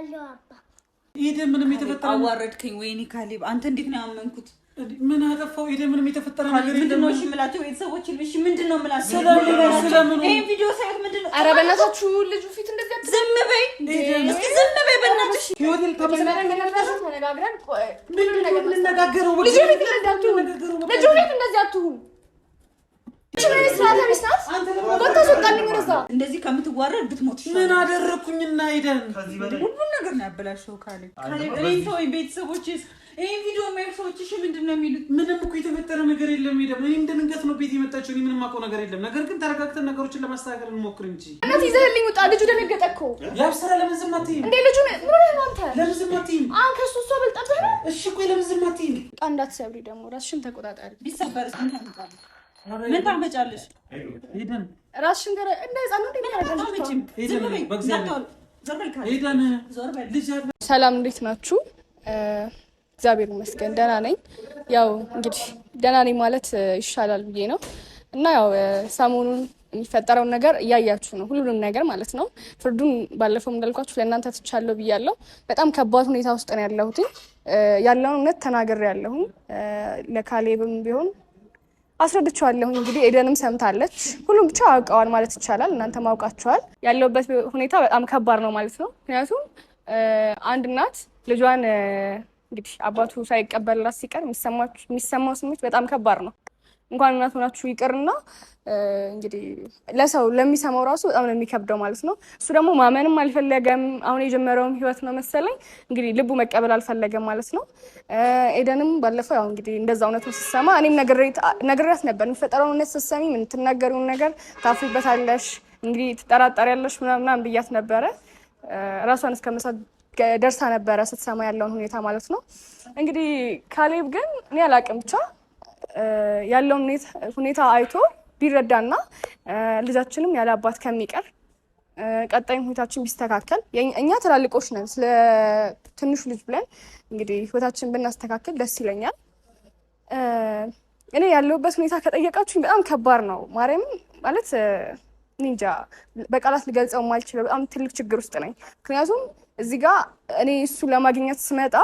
እወዳለሁ አባ። ኢደ ምንም የተፈጠረ አዋረድከኝ። ወይኔ ካሌብ አንተ እንዴት ነው ያመንኩት? ምን አጠፋው? ኢደ ምንም የተፈጠረ ነገር የለም። ምንድን ነው እሺ የምላቸው ቤተሰቦች? እሺ ምንድን ነው የምላቸው? ስለምን ይሄን ቪዲዮ ሳይት ምንድን ነው? ኧረ በእናታችሁ ልጁ ፊት እንደዚህ ዝም በይ፣ እስኪ ዝም በይ በእናትሽ። ህይወት ተመሰረተ ተነጋግረን ልጁ ቤት እንደዚህ አትሁን። እንደዚህ ከምትዋረድ ብትሞት ምን አደረግኩኝ? እና ሄደን ሁሉን ነገር ነው ያበላሸው። ካሌ ቤተሰቦች ይህን ቪዲዮ የሚያዩ ሰዎችሽ ምንድን ነው የሚሉት? ምንም እኮ የተፈጠረ ነገር የለም። ሄደ እኔ እንደ ድንገት ነው ቤት የመጣችው። እኔ ምንም አውቀው ነገር የለም። ነገር ግን ተረጋግተን ነገሮችን ለማስተካከል እንሞክር እንጂ እነት ይዘህልኝ ውጣ። ልጁ ደነገጠ እኮ ያብሰራ። ለምን ዝም አትይም እንዴ? ልጁ አንተ ለምን ዝም አትይም? አሁን ከሱ እሱ አበልጠብህ ነው። እሺ ቆይ፣ ለምን ዝም አትይም? ጣ እንዳትሰብሪ ደግሞ ራስሽን ተቆጣጣሪ። ቢሰበር ምን ታመጫለሽ? ሄደን ራስሽን ገረ እንደ ህፃን ነው እንደሚያደርጋችሁ። ሰላም እንዴት ናችሁ? እግዚአብሔር ይመስገን ደህና ነኝ። ያው እንግዲህ ደህና ነኝ ማለት ይሻላል ብዬ ነው እና ያው ሰሞኑን የሚፈጠረውን ነገር እያያችሁ ነው፣ ሁሉንም ነገር ማለት ነው። ፍርዱን ባለፈው እንዳልኳችሁ ለእናንተ ትቻለሁ ብያለሁ። በጣም ከባድ ሁኔታ ውስጥ ነው ያለሁትኝ። ያለውን እውነት ተናግሬ ያለሁም ለካሌብም ቢሆን አስረድቻለሁ። እንግዲህ ኤደንም ሰምታለች። ሁሉም ብቻ አውቀዋል ማለት ይቻላል። እናንተ ማውቃቸዋል። ያለውበት ሁኔታ በጣም ከባድ ነው ማለት ነው። ምክንያቱም አንድ እናት ልጇን እንግዲህ አባቱ ሳይቀበልላት ሲቀር የሚሰማው ስሜት በጣም ከባድ ነው። እንኳን እናት ሆናችሁ ይቅርና እንግዲህ ለሰው ለሚሰማው ራሱ በጣም ነው የሚከብደው ማለት ነው። እሱ ደግሞ ማመንም አልፈለገም። አሁን የጀመረውም ህይወት ነው መሰለኝ እንግዲህ ልቡ መቀበል አልፈለገም ማለት ነው። ኤደንም ባለፈው ያው እንግዲህ እንደዛ እውነቱ ስትሰማ እኔም ነግሬያት ነበር። የሚፈጠረውን እውነት ስትሰሚ የምትናገሪውን ነገር ታፍሪበታለሽ፣ እንግዲህ ትጠራጠሪያለሽ ምናምን ብያት ነበረ። ራሷን እስከመሳት ደርሳ ነበረ ስትሰማ ያለውን ሁኔታ ማለት ነው። እንግዲህ ካሌብ ግን እኔ አላቅም ብቻ ያለውን ሁኔታ አይቶ ቢረዳና ልጃችንም ያለ አባት ከሚቀር ቀጣይም ሁኔታችን ቢስተካከል እኛ ትላልቆች ነን፣ ስለ ትንሹ ልጅ ብለን እንግዲህ ህይወታችን ብናስተካከል ደስ ይለኛል። እኔ ያለሁበት ሁኔታ ከጠየቃችሁኝ በጣም ከባድ ነው። ማርያም ማለት እንጃ በቃላት ልገልጸው ማልችለው በጣም ትልቅ ችግር ውስጥ ነኝ። ምክንያቱም እዚህ ጋር እኔ እሱ ለማግኘት ስመጣ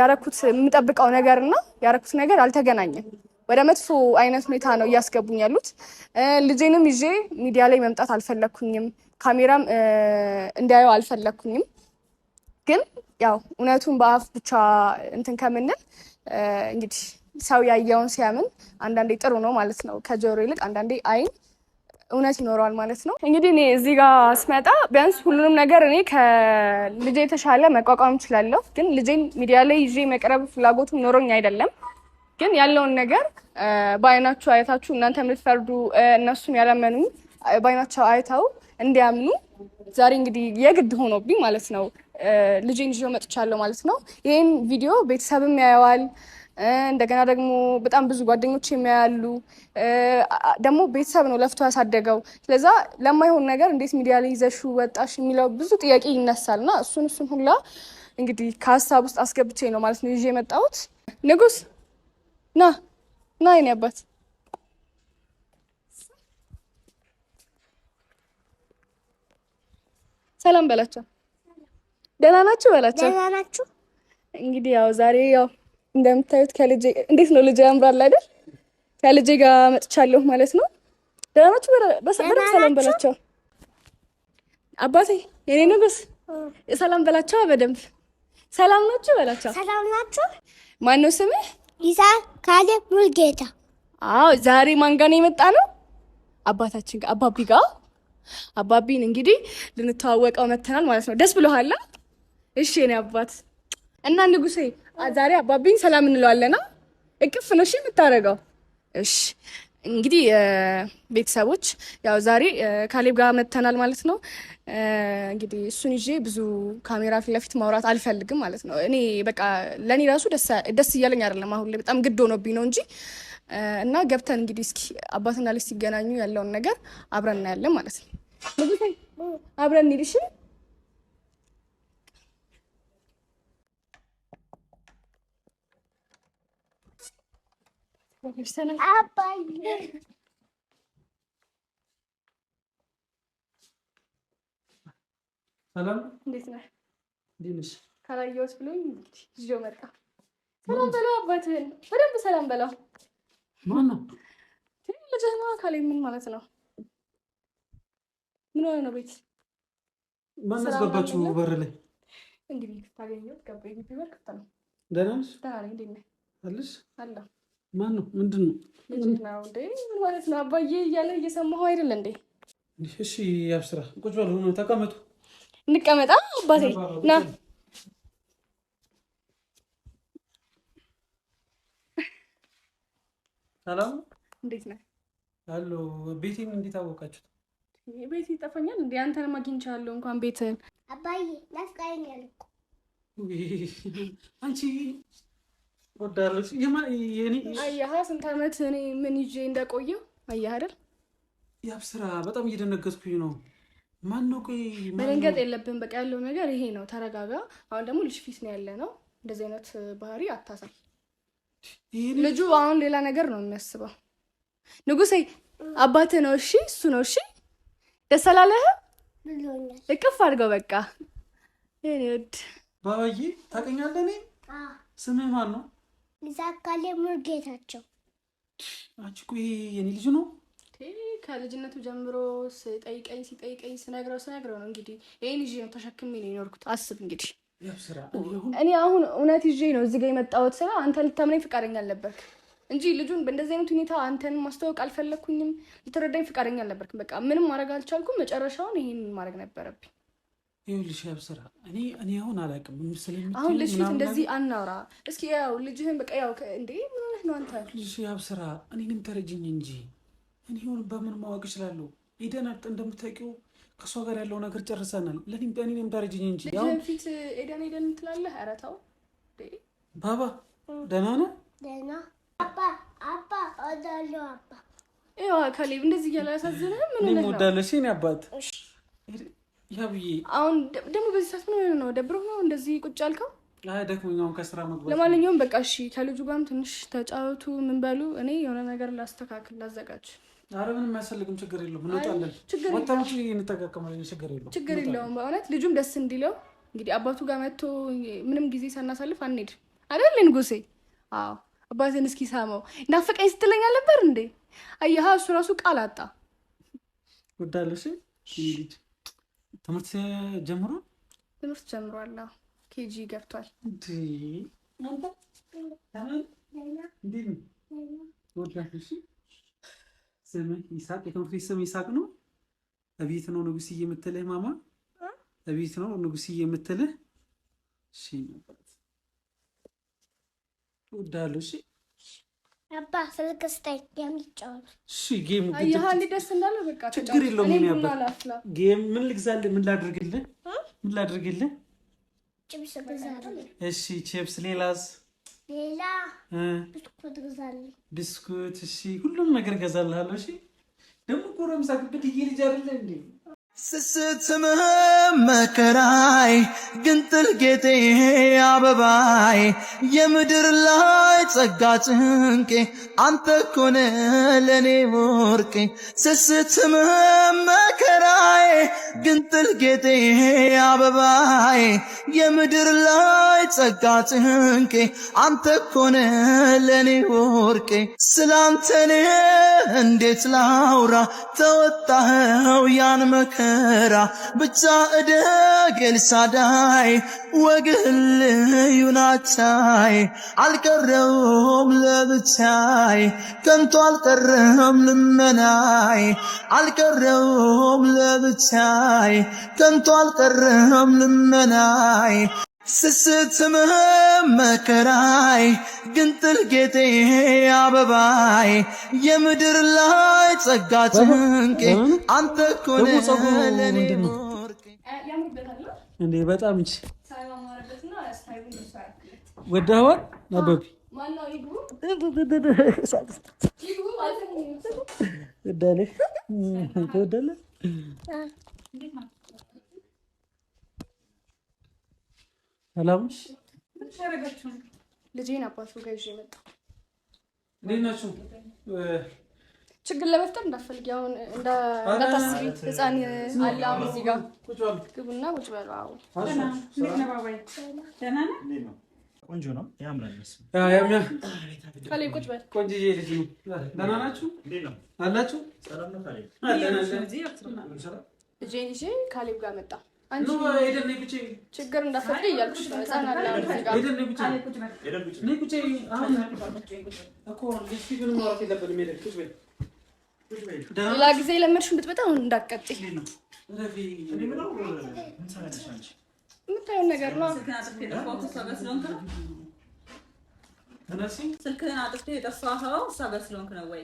ያረኩት የምጠብቀው ነገር እና ያረኩት ነገር አልተገናኘም። ወደ መጥፎ አይነት ሁኔታ ነው እያስገቡኝ ያሉት። ልጄንም ይዤ ሚዲያ ላይ መምጣት አልፈለግኩኝም። ካሜራም እንዲያየው አልፈለግኩኝም። ግን ያው እውነቱን በአፍ ብቻ እንትን ከምንል እንግዲህ ሰው ያየውን ሲያምን አንዳንዴ ጥሩ ነው ማለት ነው። ከጆሮ ይልቅ አንዳንዴ አይን እውነት ይኖረዋል ማለት ነው። እንግዲህ እኔ እዚህ ጋር ስመጣ ቢያንስ ሁሉንም ነገር እኔ ከልጄ የተሻለ መቋቋም እችላለሁ። ግን ልጄን ሚዲያ ላይ ይዤ መቅረብ ፍላጎቱ ኖሮኝ አይደለም። ግን ያለውን ነገር በአይናችሁ አይታችሁ እናንተ የምትፈርዱ እነሱም ያላመኑ በአይናቸው አይተው እንዲያምኑ ዛሬ እንግዲህ የግድ ሆኖብኝ ማለት ነው ልጄን ይዤ መጥቻለሁ ማለት ነው። ይህን ቪዲዮ ቤተሰብም ያየዋል። እንደገና ደግሞ በጣም ብዙ ጓደኞች የሚያያሉ ደግሞ ቤተሰብ ነው ለፍቶ ያሳደገው። ስለዛ ለማይሆን ነገር እንዴት ሚዲያ ላይ ይዘሽ ወጣሽ የሚለው ብዙ ጥያቄ ይነሳል እና እሱን እሱን ሁላ እንግዲህ ከሀሳብ ውስጥ አስገብቼ ነው ማለት ነው ይዤ የመጣሁት። ንጉስ ና ና የኔ አባት ሰላም በላቸው። ደህና ናችሁ በላቸው። እንግዲህ ያው ዛሬ ያው እንደምታዩት ከልጄ እንዴት ነው ልጄ ያምራል አይደል? ከልጄ ጋር መጥቻለሁ ማለት ነው። ደህና ናችሁ? በሰላም ሰላም በላቸው አባቴ፣ የኔ ንጉስ፣ ሰላም በላቸው በደንብ ሰላም ናችሁ በላቸው። ሰላም ናችሁ። ማን ነው ስምህ? ይዛ ካለ ሙልጌታ። አዎ ዛሬ ማን ጋር ነው የመጣ ነው? አባታችን ጋር አባቢ ጋር አባቢን እንግዲህ ልንተዋወቀው መተናል ማለት ነው። ደስ ብሎሃል? እሺ የኔ አባት እና ንጉሴ ዛሬ አባብኝ ሰላም እንለዋለና እቅፍ ነው እሺ የምታደርገው። እሺ እንግዲህ ቤተሰቦች ያው ዛሬ ካሌብ ጋር መተናል ማለት ነው። እንግዲህ እሱን ይዤ ብዙ ካሜራ ፊት ለፊት ማውራት አልፈልግም ማለት ነው። እኔ በቃ ለእኔ ራሱ ደስ እያለኝ አይደለም፣ አሁን ላይ በጣም ግድ ሆኖብኝ ነው እንጂ እና ገብተን እንግዲህ እስኪ አባትና ልጅ ሲገናኙ ያለውን ነገር አብረን እናያለን ማለት ነው። አብረን እንሂድ እሺ። ሰላም እንዴት ነህ? እንዴት ነሽ? ካላየሁት ብሎኝ ይዞ መጣ። ሰላም በለው አባትህን በደንብ ሰላም በለው። ማነው ልጅህ ነው? አካሌ ምን ማለት ነው? ምን ሆነ ነው? ቤት ማን አስገባችሁ? በር ላይ እንግዲህ ታገኘው ገባ። ግቢ በር ክፍት ነው። ደህና ነሽ? ደህና ነኝ። እንዴት ነህ? አለሽ? አለሁ ማን ነው? ምንድን ነው? ምን ማለት ነው? አባዬ እያለ እየሰማሁ አይደል እንዴ? እሺ፣ ያብስራ ቁጭ በል ሆኖ ተቀመጡ። እንቀመጣ አባቴ ና ሰላም እንዴት ነህ? አሎ ቤቴን እንዴት አወቃችሁት? ቤት ይጠፋኛል እንዴ? አንተንም አግኝቻለሁ። እንኳን ቤትን አባዬ ናፍቃኛል። አንቺ አያሃ ስንት ዓመት እኔ ምን ይዤ እንደቆየው አያህ አይደል? ያብስራ በጣም እየደነገጥኩኝ ነው። ማን ነው? ቆይ መደንገጥ የለብን። በቃ ያለው ነገር ይሄ ነው። ተረጋጋ። አሁን ደግሞ ልጅ ፊት ነው ያለ ነው። እንደዚህ አይነት ባህሪ አታሳይ። ልጁ አሁን ሌላ ነገር ነው የሚያስበው። ንጉሴ አባት ነው እሺ፣ እሱ ነው እሺ። ደስ አላለህ? እቅፍ አድርገው በቃ። ይህኔ ነው። ባባዬ ታውቀኛለህ? እኔ ስምህ ማን ነው? ዛካሌ ሙርጌታቸው አንቺ እኮ የኔ ልጅ ነው። ከልጅነቱ ጀምሮ ስጠይቀኝ ሲጠይቀኝ ስነግረው ስነግረው ነው እንግዲህ ይህን ይዤ ነው ተሸክሜ ነው የኖርኩት። አስብ እንግዲህ እኔ አሁን እውነት ይዤ ነው እዚህ ጋ የመጣሁት። ስራ አንተ ልታምነኝ ፈቃደኛ አልነበርክ እንጂ ልጁን በእንደዚህ አይነት ሁኔታ አንተን ማስተዋወቅ አልፈለግኩኝም። ልትረዳኝ ፈቃደኛ አልነበርክ። በቃ ምንም ማድረግ አልቻልኩም። መጨረሻውን ይህን ማድረግ ነበረብኝ። ይኸውልሽ ያብስራ እኔ እኔ አሁን አላውቅም። አሁን ልጅ ፊት እንደዚህ አናውራ እስኪ። ያው ልጅህን በቃ ያው እንዴ ምን ሆነህ ነው አንተ? ልጅ ያብስራ ግን ተረጅኝ እንጂ እኔ ሁን በምን ማወቅ ይችላሉ? ኤደን አጥ እንደምታውቂው ከእሷ ጋር ያለው ነገር ጨርሰናል። ለእኔም እኔንም ተረጅኝ እንጂ ልጅህን ፊት ኤደን ኤደን እንትላለህ። ኧረ ተው ባባ። ደህና ነህ? ደህና አባ አባ እወዳለሁ አባ። ይኸው ካሌብ እንደዚህ እያለ ያሳዝንህ ምን ሆነህ ነው? እኔም እወዳለሁ እኔ አባት ያብዬ አሁን ደግሞ በዚህ ሰዓት ምን ነው ደብሮ ነው እንደዚህ ቁጭ አልከው? አይ ደክሞኛውን ከስራ መግባት። ለማንኛውም በቃ እሺ፣ ከልጁ ጋርም ትንሽ ተጫወቱ፣ ምን በሉ። እኔ የሆነ ነገር ላስተካክል፣ ላዘጋጅ። አረ ምንም አያስፈልግም፣ ችግር የለውም፣ እንወጣለን። ወጣቶች እንጠቃቀማለን፣ ችግር የለውም፣ ችግር የለውም። በእውነት ልጁም ደስ እንዲለው እንግዲህ አባቱ ጋር መጥቶ ምንም ጊዜ ሳናሳልፍ አንሄድ አይደል ንጉሴ? አዎ አባትን እስኪ ሳመው ናፈቀኝ ስትለኝ አልነበር እንዴ? አየሀ እሱ ራሱ ቃል አጣ ወዳለሽ ትምህርት ጀምሮ ትምህርት ጀምሯል። ኬጂ ገብቷል። ስምህ የትምህርት ቤት ስም ይሳቅ ነው? እቤት ነው ንጉስ የምትልህ ማማ? እቤት ነው ንጉስ የምትልህ? እሺ፣ እወድሃለሁ። እሺ አባ ስልክ ስታይ ጌም እሺ ጌም ደስ እንዳለ በቃ ችግር የለውም። ጌም ምን ልግዛልህ? ምን ላድርግልህ? ምን ላድርግልህ? ቺፕስ ግዛልህ። እሺ ቺፕስ፣ ሌላስ? ሌላ ብስኩት ግዛልህ። ብስኩት። እሺ ሁሉም ነገር ገዛልሃለሁ። እሺ ደግሞ ጎረምሳ ግብድ ይልጅ አይደለ እንዴ? ስስትምህም መከራይ ግንጥል ጌጤ አበባይ የምድር ላይ ጸጋ ጭንቄ አንተ ኮነ ለኔ ወርቄ ስስትምህም መከራይ ግንጥል ጌጤ አበባይ የምድር ላይ ጸጋ ጭንቄ አንተ ኮነ ለኔ ወርቄ ስላንተኔ እንዴት ላውራ ተወጣኸው ያን መከራ መራ ብቻ እደግ ሳዳይ ወግልዩናቻይ አልቀረውም ለብቻይ ከንቱ አልቀረም ልመናይ አልቀረውም ለብቻይ ከንቱ አልቀረም ልመናይ ስስትምህም መከራይ ግንጥል ጌጤ አበባይ የምድር ላይ ጸጋ ጭንቄ አንተ ኮነለኔ እንዴ በጣም እ ወዳሆን ናበብ ወዳለ ተወዳለ ሰላምሽ ያረጋችሁ ልጄን አባቱ ጋር ይዤ መጣሁ። እንዴት ናችሁ? ችግር ለመፍጠር እንዳትፈልጊ፣ አሁን እንዳታስቢ። ህፃን አለ አሁን እዚህ ጋር ግቡና ቁጭ በሉ። ቆንጆ ነው፣ ያምራል። ቁጭ በል ልጅ ነው። ደህና ናችሁ አላችሁ? ልጄን ይዤ ካሌብ ጋር መጣሁ ችግር እንዳትፈጥሪ እያልኩሽ ነው። ሌላ ጊዜ የለመድሽን እንዳትቀጥይ የምታየውን ነገር ነው። ስልክህን የጠፋኸው እሷ ጋር ስለሆንክ ነው ወይ?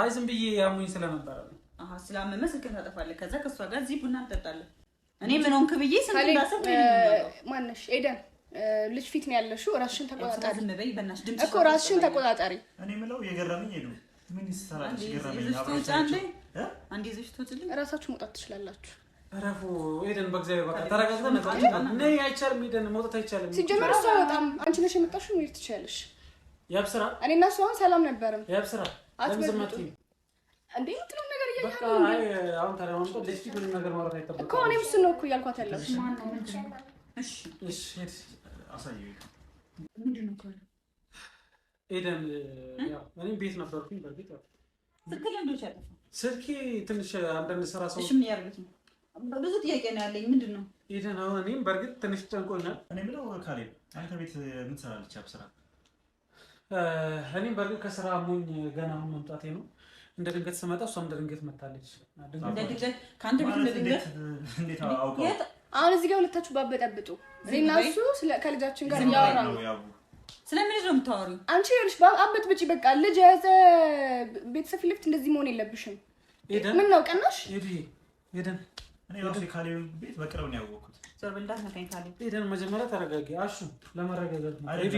አይ ዝም ብዬ ያሙኝ ስለነበረ ስላመመ ስልክህን ታጠፋለህ። ከዛ ከእሷ ጋር እዚህ ቡና እንጠጣለን እኔ ምን ሆንክ ብዬ ስንት ማነሽ ኤደን ልጅ ፊት ነው ያለሽው። ራስሽን ተቆጣጣሪ እኮ ራስሽን ተቆጣጣሪ። እኔ የገረመኝ ምን ራሳችሁ መውጣት ትችላላችሁ። ረፉ ኤደን፣ በእግዚአብሔር በቃ ነይ። አይቻልም መውጣት አይቻልም። ሲጀመር እሷ በጣም አንቺ ነሽ የመጣሽው፣ መሄድ ትችላለሽ። ያብስራ እኔ እና እሷ ሰላም ነበርም። ያብስራ አትመጡም እንዴ? ነገር እኮ ነው እኮ እያልኳት ኤደን። እኔም ቤት ነበርኩኝ። በእርግጥ ስልኬ ትንሽ አንዳንድ ስራ ሰው እሺ፣ ምን ያደርጉት ነው? ብዙ ጥያቄ ነው ያለኝ። ምንድን ነው ኤደን? አሁን እኔም በእርግጥ ትንሽ ጨንቆኛል። እኔ የምለው ካሌብ አንተ ቤት ምን ትሰራለች? ስራ እኔም በእርግጥ ከስራ ሙኝ ገና አሁን መምጣቴ ነው እንደ ድንገት ስመጣ እሷ እንደ ድንገት መታለች። አሁን እዚህ ጋር ሁለታችሁ ባበጠብጡ እኔና እሱ ከልጃችን ጋር እያወራ ነው። ስለምንድን ነው የምታወሪው? አንቺ ይኸውልሽ አበት ብጪ በቃ ልጅ የያዘ ቤተሰብ ፊት እንደዚህ መሆን የለብሽም። ምን ነው ቀናሽ? ሄደን ቤት በቅርብ ነው ያወቅሁት። ሄደን መጀመሪያ ተረጋጊ። አሹ ለመረጋጋት ነው።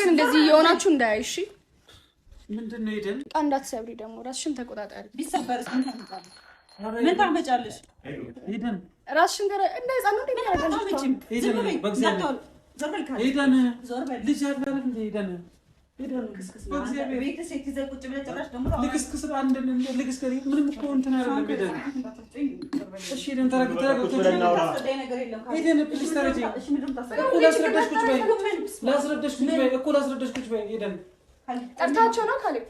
ግን እንደዚህ የሆናችሁ እንዳያይሽ ምንድን ነው ሄደን ቃ እንዳትሰብሪ ደግሞ ራስሽን ተቆጣጣሪ። ቢሰበር ምን ታመጫለሽ? ሄደን ራስሽን ገረ እንደ ህፃን ነው እንደሚያደርገው ጠርታቸው ነው ካሌብ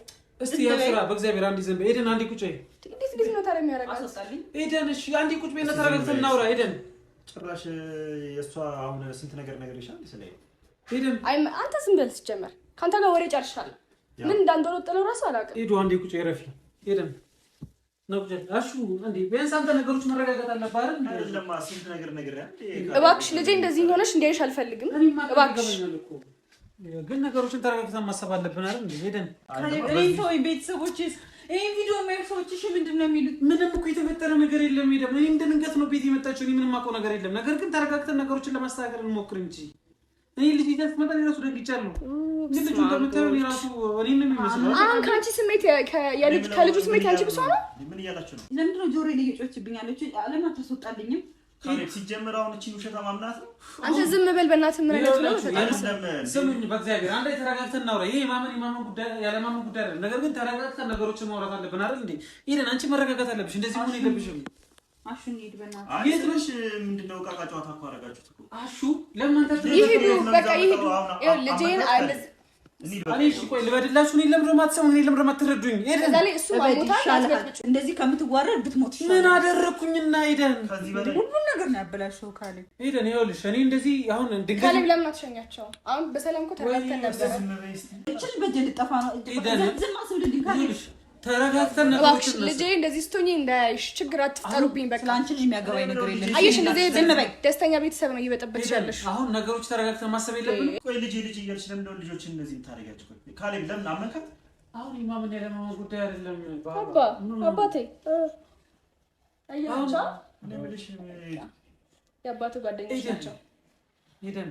እስቲ ያስራ በእግዚአብሔር አንዴ ዘንብ ኤደን፣ አንዴ ቁጭ በይ። እንዴት እንዴት ነው ታዲያ የሚያደርጋት ኤደን? እሺ አንዴ ቁጭ በይና ተረጋግተን እናውራ ኤደን። ጭራሽ የእሷ አሁን ስንት ነገር ነገር ስለ ኤደን። አይ አንተ ዝም በል ሲጀመር፣ ከአንተ ጋር ወሬ ጨርሻለሁ። ምን እንዳንዶሮ ጥለው እራሱ አላውቅም። ሂዱ አንዴ ቁጭ በይ ኤደን ነገሮች መረጋጋት አለብህ እባክሽ ልጄ እንደዚህ ሆነሽ እንዲያይሽ አልፈልግም እባክሽ ግን ነገሮችን ተረጋግተን ማሰብ አለብን አይደል? ሄደን ቤተሰቦች ይህ ቪዲዮ የሚያዩ ሰዎች እሺ፣ ምንድን ነው የሚሉት? ምንም እኮ የተፈጠረ ነገር የለም። ሄደ እኔም ድንገት ነው ቤት የመጣችው። ምንም አውቀው ነገር የለም። ነገር ግን ተረጋግተን ነገሮችን ለማስተካከል እንሞክር እንጂ እኔ ልጅ ስመጣ የራሱ ደግጃለሁ። ግን ልጁ እንደምታየው የራሱ እኔን ነው የሚመስለው። አሁን ከአንቺ ስሜት ከልጁ ስሜት ያንቺ ብሷ ነው። ምን ነው? ለምንድነው ጆሮ ላይ እየጮችብኛለች? ለምን አታስወጣልኝም? ሲጀምር አሁን እቺን ውሸታ ማምናት ነው። አንተ ዝም በል በእናትህ። ምን አይነት ነው? ስሙኝ፣ በእግዚአብሔር አንድ ተረጋግተን እናውራ። ይሄ የማመን የማመን ጉዳይ ያለ ማመን ጉዳይ አይደለም። ነገር ግን ተረጋግተን ነገሮችን ማውራት አለብን አይደል እንዴ? ይሄን አንቺ መረጋጋት አለብሽ። እንደዚህ መሆን የለብሽም። አሹ እንሂድ በእናትህ። የት ነሽ? ምንድነው ዕቃ ዕቃ ጨዋታ እኮ አደረጋችሁት እኮ አሹ። ልበድላችሁ። እኔ ለምንድን ነው የማትሰሙኝ? እኔ ለምንድን ነው እንደዚህ ከምትዋረድ ብትሞት ምን አደረግኩኝና? ኤደን ሁሉን ነገር ነው ያበላሸው። ካሌብ ኤደን፣ ይኸውልሽ እኔ እንደዚህ አሁን ካሌብ ለምን አትሸኛቸውም? አሁን በሰላም እኮ ተረጋግተን ነበረ። ተረጋግተን ነገሮችን ልጄ እንደዚህ ስትሆኚ እንዳያይሽ ችግር አትፍጠሩብኝ። በቃ አየሽ እንደዚህ ደስተኛ ቤተሰብ ነው እየበጠበትሽ ያለሽ። አሁን ነገሮች ተረጋግተን ማሰብ የለብንም። ቆይ ልጅ ልጅ እያልሽ ለምን ነው ልጆችን እንደዚህ ታደርጊያቸው? ካሌብ ለምን አመንከት? አሁን የማመን ያለማማ ጉዳይ አይደለም። አባ አባቴ አያቻ የአባቱ ጓደኞች ናቸው ሄደን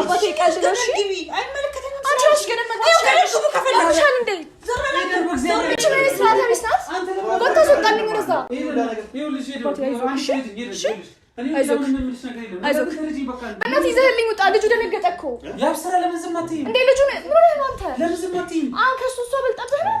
አባቴ ቀልድ ነው። እሺ አይመለከተንም። ይዘህልኝ ውጣ። ልጁ ደነገጠ እኮ እንደ ልጁ አንተ ከእሱ እሱ አበልጠብህ ነው።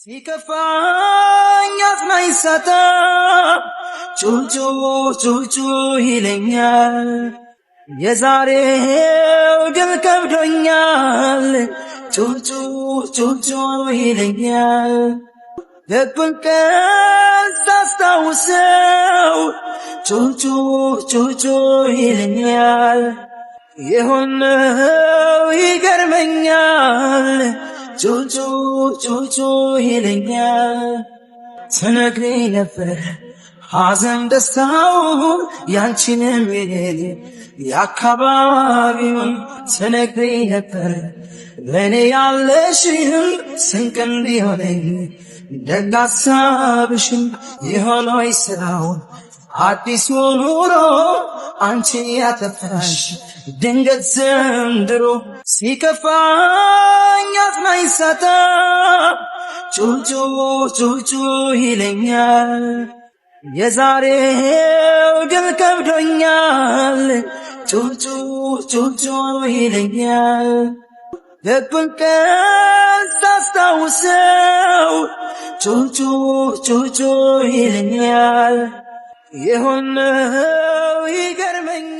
ሲከፋኝ አፍናኝ ሳታ ጩጩ ጩጩ ይለኛል። የዛሬው ድል ከብዶኛል። ጩጩ ጩጩ ይለኛል። ልብን ቀን ሳስታውሰው ጩጩ ጩጩ ይለኛል። የሆነው ይገርመኛል ጩጩ ጩጩ ይለኛል ተነግሬ ነበር ሐዘን ደስታው ያንቺንም የኔን የአካባቢውን ተነግሬ ነበር ለእኔ ያለሽም ስንቅ እንዲሆነኝ ደግ ሐሳብሽም የሆነይ ስራው! አዲሱ ኑሮ አንቺን ያተፋሽ ድንገት ዘንድሮ ሲከፋኝ አጽናኝ ሳጣ ጩጩ ጩጩ ይለኛል። የዛሬው ድል ከብዶኛል። ጩጩ ጩጩ ይለኛል። ልብን ቀስ ሳስታውሰው ጩጩ ጩጩ ይለኛል። ይሁን ይገርመኛል።